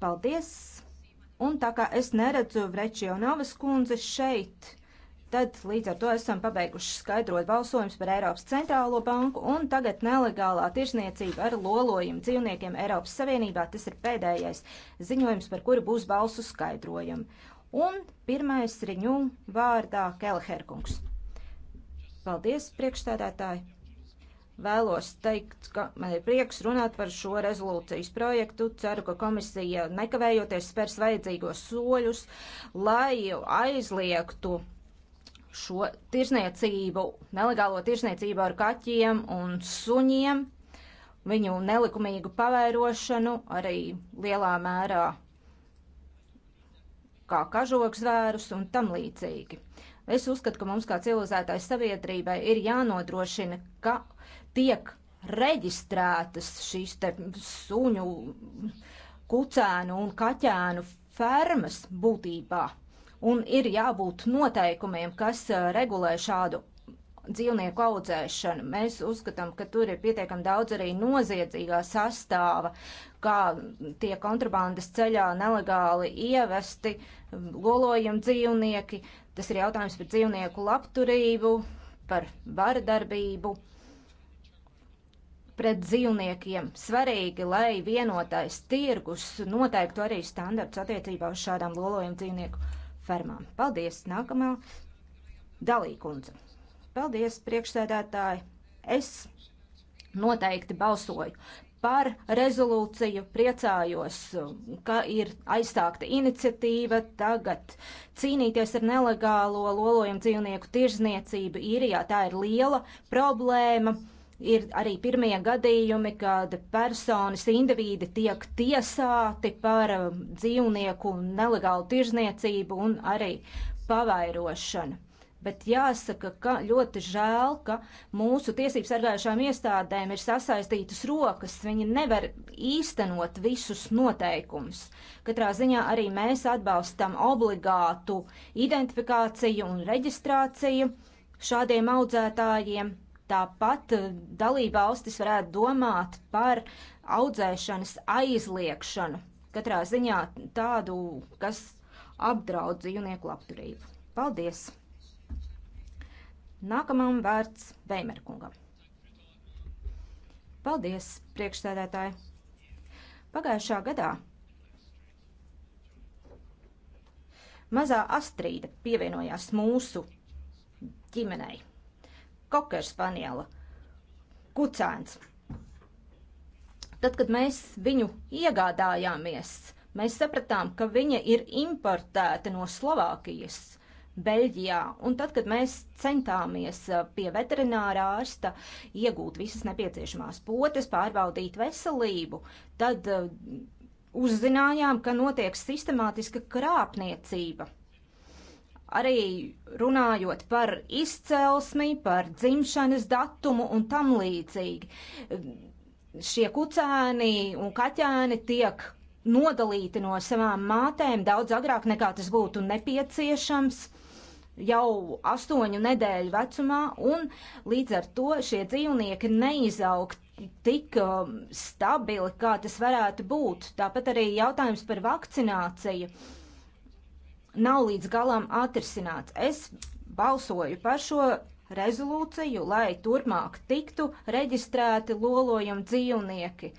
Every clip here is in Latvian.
Paldies! Un tā kā es neredzu Vrečionovas kundze šeit, tad līdz ar to esam pabeiguši skaidrot balsojums par Eiropas centrālo banku un tagad nelegālā tirsniecība ar lolojumu dzīvniekiem Eiropas Savienībā. Tas ir pēdējais ziņojums, par kuru būs balsu skaidrojumi. Un pirmais riņu vārdā Kelherkungs. Paldies, priekšstādātāji! Vēlos teikt, ka man ir prieks runāt par šo rezolūcijas projektu. Ceru, ka komisija nekavējoties spērs vajadzīgos soļus, lai aizliegtu šo tirsniecību, nelegālo tirsniecību ar kaķiem un suņiem, viņu nelikumīgu pavērošanu arī lielā mērā kā kažokzvērus un tam līdzīgi. Es uzskatu, ka mums kā civilizētāji sabiedrībai ir jānodrošina, ka tiek reģistrētas šīs te suņu, kucēnu un kaķēnu fermas būtībā. Un ir jābūt noteikumiem, kas eh, regulē šādu dzīvnieku audzēšanu. Mēs uzskatām, ka tur ir pietiekami daudz arī noziedzīgā sastāva, kā tie kontrabandas ceļā nelegāli ievesti lolojam dzīvnieki. Tas ir jautājums par dzīvnieku labturību, par vardarbību pret dzīvniekiem. Svarīgi, lai vienotais tirgus noteiktu arī standarts attiecībā uz šādām lolojumu dzīvnieku fermām. Paldies! Nākamā dalīkundze. Paldies, priekšsēdētāji! Es noteikti balsoju par rezolūciju. Priecājos, ka ir aizstākta iniciatīva tagad cīnīties ar nelegālo lolojumu dzīvnieku tirzniecību īrijā. Tā ir liela problēma. Ir arī pirmie gadījumi, kad personas, indivīdi tiek tiesāti par um, dzīvnieku nelegālu tirzniecību un arī pavairošanu. Bet jāsaka, ka ļoti žēl, ka mūsu tiesību sargājušām iestādēm ir sasaistītas rokas. Viņi nevar īstenot visus noteikumus. Katrā ziņā arī mēs atbalstam obligātu identifikāciju un reģistrāciju šādiem audzētājiem. Tāpat eh, dalība valstis varētu domāt par audzēšanas aizliekšanu, katrā ziņā tādu, kas apdraud dzīvnieku labturību. Paldies! Nākamam vārds Veimerkungam. Paldies, priekšstādētāji! Pagājušā gadā mazā Astrīda pievienojās mūsu ģimenei kokerspaniela, kucēns. Tad, kad mēs viņu iegādājāmies, mēs sapratām, ka viņa ir importēta no Slovākijas, Beļģijā. Un tad, kad mēs centāmies pie veterinārā ārsta iegūt visas nepieciešamās potes, pārbaudīt veselību, tad uzzinājām, ka notiek sistemātiska krāpniecība arī runājot par izcelsmi, par dzimšanas datumu un tam līdzīgi. Šie kucēni un kaķēni tiek nodalīti no savām mātēm daudz agrāk nekā tas būtu nepieciešams jau astoņu nedēļu vecumā, un līdz ar to šie dzīvnieki neizaug tik um, stabili, kā tas varētu būt. Tāpat arī jautājums par vakcināciju. Uh, nav līdz galam atrisināts. Es balsoju par šo rezolūciju, lai turpmāk tiktu reģistrēti lolojumi dzīvnieki.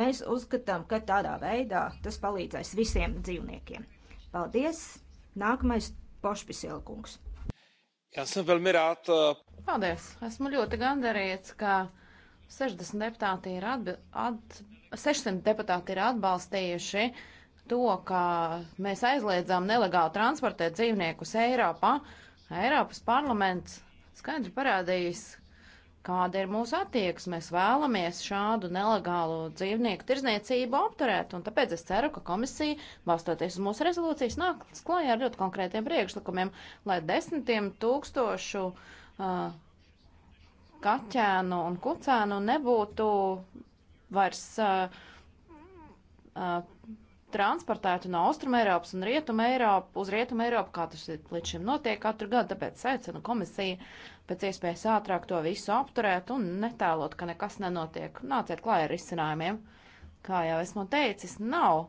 Mēs uzskatām, ka tādā veidā tas palīdzēs visiem dzīvniekiem. Paldies! Nākamais pošpisilkungs. Esmu velmi rāt. Paldies! Esmu ļoti gandarīts, ka 60 deputāti ir atbi... at... 600 deputāti ir atbalstījuši uh, to, ka mēs aizliedzām nelegāli transportēt dzīvniekus Eiropā, Eiropas parlaments skaidri parādījis, kāda ir mūsu attieksme. Mēs vēlamies šādu nelegālu dzīvnieku tirzniecību apturēt, un tāpēc es ceru, ka komisija, balstoties uz mūsu rezolūcijas, nāks klajā ar ļoti konkrētiem priekšlikumiem, lai desmitiem tūkstošu uh, kaķēnu un kucēnu nebūtu vairs. Uh, uh, transportētu no Austrum Eiropas un Rietum Eiropu uz Rietum Eiropu, kā tas līdz šim notiek katru gadu, tāpēc aicinu komisiju pēc iespējas ātrāk to visu apturēt un netēlot, ka nekas nenotiek. Nāciet klāj ar risinājumiem. Kā jau esmu teicis, nav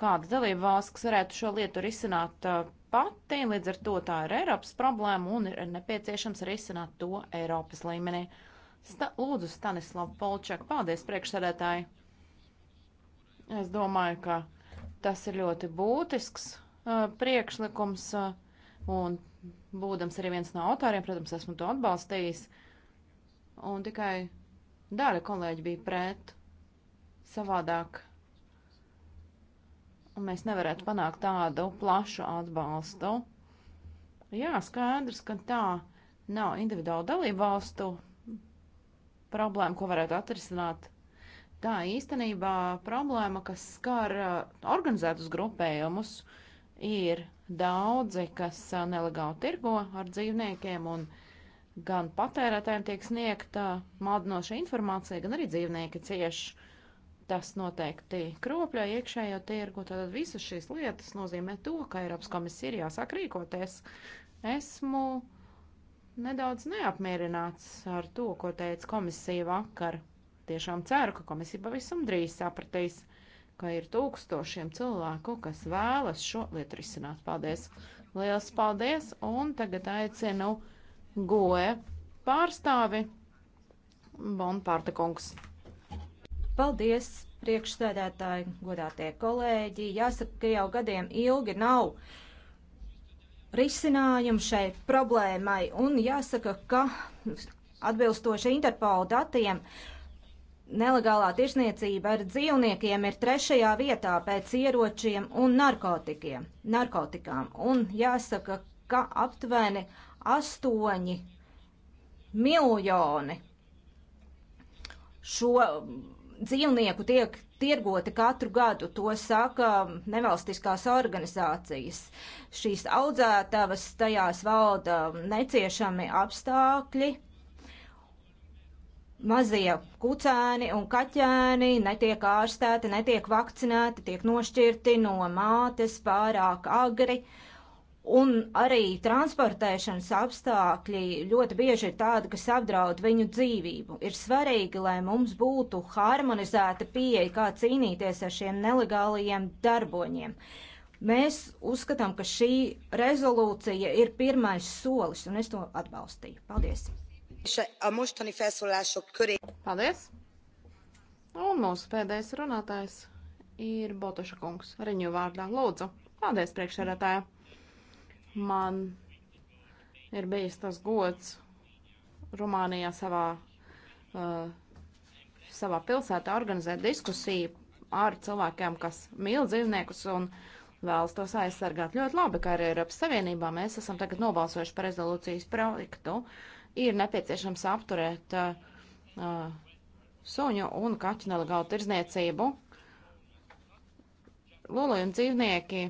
kāda dalība valsts, kas varētu šo lietu risināt uh, pati, līdz ar to tā ir Eiropas problēma un ir nepieciešams risināt to Eiropas līmenī. Sta Lūdzu, Stanislav Polčak, paldies priekšsēdētāji! Es domāju, ka Tas ir ļoti būtisks uh, priekšlikums, uh, un būdams arī viens no autoriem, protams, esmu to atbalstījis, un tikai daļa kolēģi bija pret savādāk, un mēs nevarētu panākt tādu plašu atbalstu. Jā, skaidrs, ka tā nav individuāla dalību valstu problēma, ko varētu atrisināt Tā īstenībā problēma, kas skar organizētus grupējumus, ir daudzi, kas nelegāli tirgo ar dzīvniekiem, un gan patērētājiem tiek sniegta maldinoša informācija, gan arī dzīvnieki cieši. Tas noteikti kropļo iekšējo tirgu, tad visas šīs lietas nozīmē to, ka Eiropas komisija ir jāsāk rīkoties. Esmu nedaudz neapmierināts ar to, ko teica komisija vakar tiešām ceru, ka komisija pavisam drīz sapratīs, ka ir tūkstošiem cilvēku, kas vēlas šo lietu risināt. Paldies! Liels paldies! Un tagad aicinu goe pārstāvi Bonpārta kungs. Paldies! Priekšsēdētāji, godātie kolēģi, jāsaka, ka jau gadiem ilgi nav risinājumu šai problēmai, un jāsaka, ka atbilstoši Interpolu datiem, uh, Nelegālā tirsniecība ar dzīvniekiem ir trešajā vietā pēc ieročiem un narkotikiem, narkotikām. Un jāsaka, ka aptuveni astoņi miljoni šo dzīvnieku tiek tirgoti katru gadu, to saka nevalstiskās organizācijas. Šīs audzētavas tajās valda neciešami apstākļi, mazie kucēni un kaķēni netiek ārstēti, netiek vakcinēti, tiek nošķirti no mātes pārāk agri. Un arī transportēšanas apstākļi ļoti bieži ir tādi, kas apdraud viņu dzīvību. Ir svarīgi, lai mums būtu harmonizēta pieeja, kā cīnīties ar šiem nelegālajiem darboņiem. Mēs uzskatām, ka šī rezolūcija ir pirmais solis, un es to atbalstīju. Paldies! Paldies! Un mūsu pēdējais runātājs ir Botoša kungs, Riņu vārdā. Lūdzu, paldies priekšsēdētāja. Man ir bijis tas gods Rumānijā savā, uh, savā pilsētā organizēt diskusiju ar cilvēkiem, kas mīl dzīvniekus un vēlas tos aizsargāt ļoti labi, kā arī Eiropas Savienībā. Mēs esam tagad nobalsojuši par rezolūcijas projektu. Uh, ir nepieciešams apturēt uh, uh, suņu un kaķu nelegālu tirzniecību. Lūlī un dzīvnieki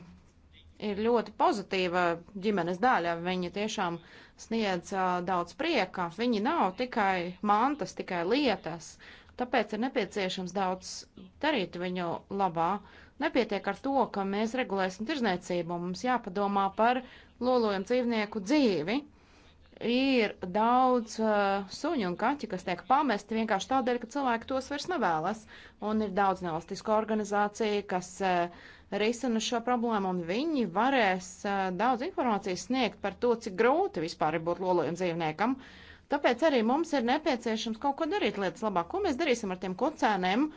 ir ļoti pozitīva ģimenes daļa. Viņi tiešām sniedz uh, daudz prieka. Viņi nav tikai mantas, tikai lietas. Tāpēc ir nepieciešams daudz darīt viņu labā. Nepietiek ar to, ka mēs regulēsim tirzniecību. Mums jāpadomā par lolojumu dzīvnieku dzīvi ir daudz uh, eh, suņu un kaķu, kas tiek pamesti vienkārši tādēļ, ka cilvēki tos vairs nevēlas. Un ir daudz nevalstisko organizāciju, kas uh, risina šo problēmu, un viņi varēs uh, daudz informācijas sniegt par to, cik grūti vispār ir būt lolojam dzīvniekam. Tāpēc arī mums ir nepieciešams kaut ko darīt lietas labāk. Ko mēs darīsim ar tiem kocēniem,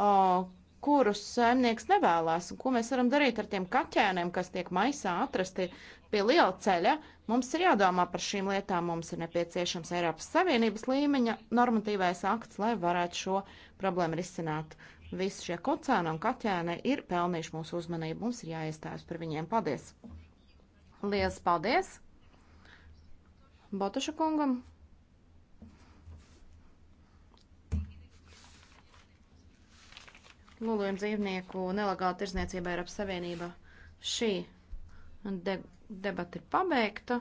uh, kurus saimnieks nevēlas, un ko mēs varam darīt ar tiem kaķēniem, kas tiek maisā atrasti pie liela ceļa, Mums ir jādomā par šīm lietām, mums ir nepieciešams Eiropas Savienības līmeņa normatīvais akts, lai varētu šo problēmu risināt. Visi šie kocēni un kaķēni ir pelnījuši mūsu uzmanību, mums ir jāiestājas par viņiem. Paldies! Lielas paldies! Botuša kungam! Lūliem dzīvnieku nelegāla tirzniecība Eiropas Savienībā. Šī de Debata ir pabeigta.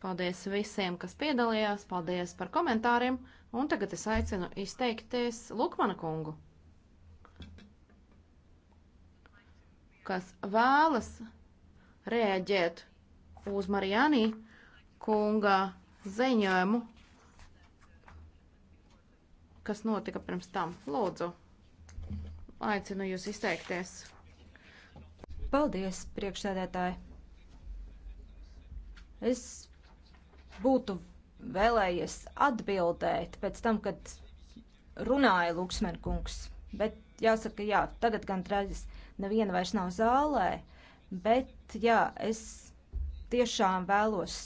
Paldies visiem, kas piedalījās, paldies par komentāriem, un tagad es aicinu izteikties Lukmana kungu, kas vēlas rēģēt uz Marijānī kunga ziņojumu, kas notika pirms tam. Lūdzu, aicinu jūs izteikties. Paldies, priekšsēdētāji. Es būtu vēlējies atbildēt pēc tam, kad runāja Luksmenkungs, bet jāsaka, jā, tagad gan traģis neviena vairs nav zālē, bet jā, es tiešām vēlos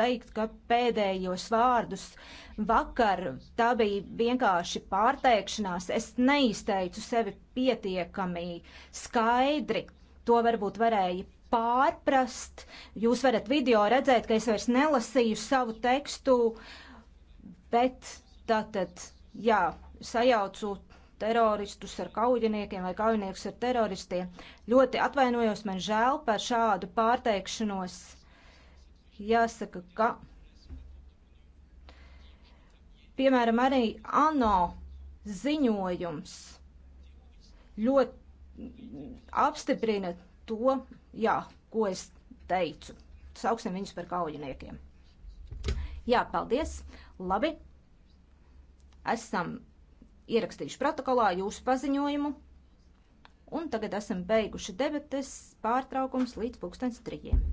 teikt, ka pēdējos vārdus vakar tā bija vienkārši pārteikšanās. Es neizteicu sevi pietiekami skaidri, to varbūt varēja pārprast. Jūs varat video redzēt, ka es vairs nelasīju savu tekstu, bet tātad, jā, sajaucu teroristus ar kaujiniekiem vai kaujiniekus ar teroristiem. Ļoti atvainojos, man žēl par šādu pārteikšanos. Jāsaka, ka. Piemēram, arī ANO ziņojums ļoti apstiprina to, jā, ko es teicu. Sauksim viņus par kaujiniekiem. Jā, paldies. Labi. Esam ierakstījuši protokolā jūsu paziņojumu. Un tagad esam beiguši debates pārtraukums līdz pulkstens trijiem.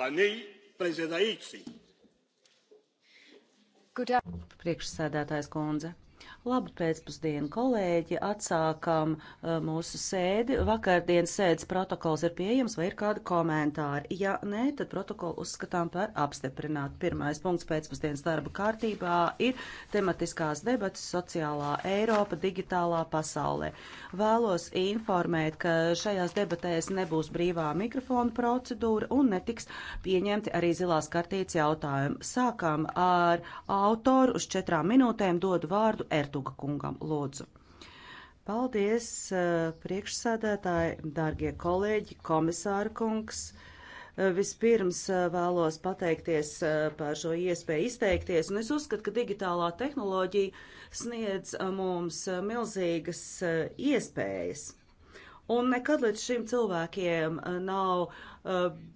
Panī Prezidaici. Priekšsēdētājs kundze. Labu pēcpusdienu, kolēģi. Atsākam uh, mūsu sēdi. Vakardienas sēdes protokols ir pieejams vai ir kādi komentāri? Ja nē, tad protokolu uzskatām par apstiprinātu. Pirmais punkts pēcpusdienas darba kārtībā ir tematiskās debatas sociālā Eiropa digitālā pasaulē. Vēlos informēt, ka šajās debatēs nebūs brīvā mikrofona procedūra un netiks pieņemti arī zilās kartītes jautājumi. Sākam ar autoru uz četrām minūtēm dodu vārdu Ertu. Ertuga kungam lūdzu. Paldies, eh, priekšsēdētāji, dārgie kolēģi, komisāra kungs. Eh, vispirms eh, vēlos pateikties par šo iespēju izteikties, un es uzskatu, ka digitālā tehnoloģija sniedz mums milzīgas iespējas. Un nekad līdz šim cilvēkiem nav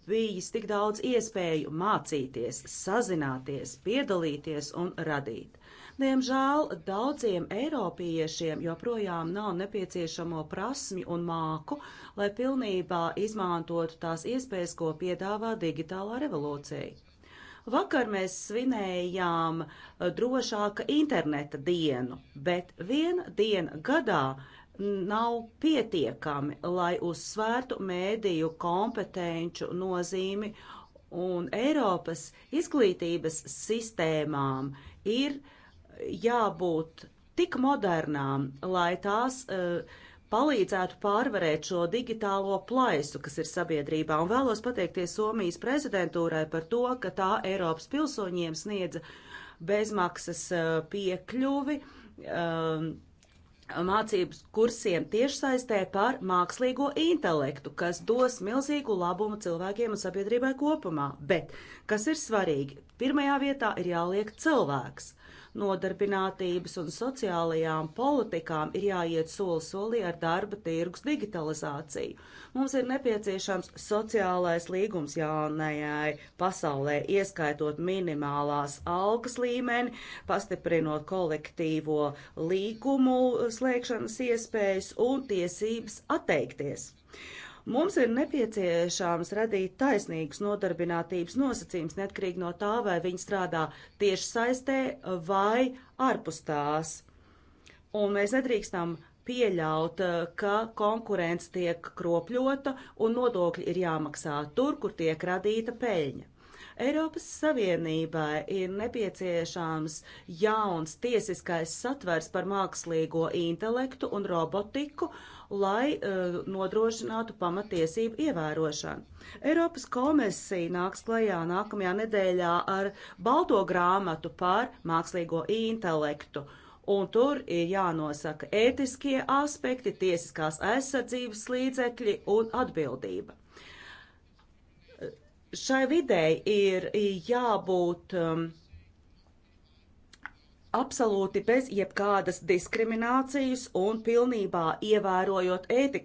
bijis tik daudz iespēju mācīties, sazināties, piedalīties un radīt. Diemžēl daudziem eiropiešiem joprojām nav nepieciešamo prasmi un māku, lai pilnībā izmantotu tās iespējas, ko piedāvā digitālā revolūcija. Vakar mēs svinējām eh, drošāka interneta dienu, bet viena diena gadā nav pietiekami, lai uzsvērtu mēdīju kompetenču nozīmi un Eiropas izglītības sistēmām ir uh, jābūt tik modernām, lai tās uh, palīdzētu pārvarēt šo digitālo plaisu, kas ir sabiedrībā. Un vēlos pateikties Somijas prezidentūrai par to, ka tā Eiropas pilsoņiem sniedza bezmaksas eh, piekļuvi um, mācības kursiem tiešsaistē par mākslīgo intelektu, kas dos milzīgu labumu cilvēkiem un sabiedrībai kopumā. Bet, kas ir svarīgi, pirmajā vietā ir jāliek cilvēks nodarbinātības un sociālajām politikām ir jāiet soli solī ar darba tirgus digitalizāciju. Mums ir nepieciešams sociālais līgums jaunajai pasaulē, ieskaitot minimālās algas līmeni, pastiprinot kolektīvo līgumu slēgšanas iespējas un tiesības atteikties. Mums ir nepieciešams radīt taisnīgus nodarbinātības nosacījums, neatkarīgi no tā, vai viņi strādā tieši saistē vai ārpus tās. Un mēs nedrīkstam pieļaut, eh, ka konkurence tiek kropļota un nodokļi ir jāmaksā tur, kur tiek radīta peļņa. Eiropas Savienībai ir nepieciešams jauns tiesiskais satvers par mākslīgo intelektu un robotiku, lai uh, nodrošinātu pamatiesību ievērošanu. Eiropas komisija nāks klajā nākamajā nedēļā ar balto grāmatu par mākslīgo intelektu. Un tur ir jānosaka ētiskie aspekti, tiesiskās aizsardzības līdzekļi un atbildība. Eh, šai videi ir jābūt um, absolūti bez jebkādas diskriminācijas un pilnībā ievērojot ētikas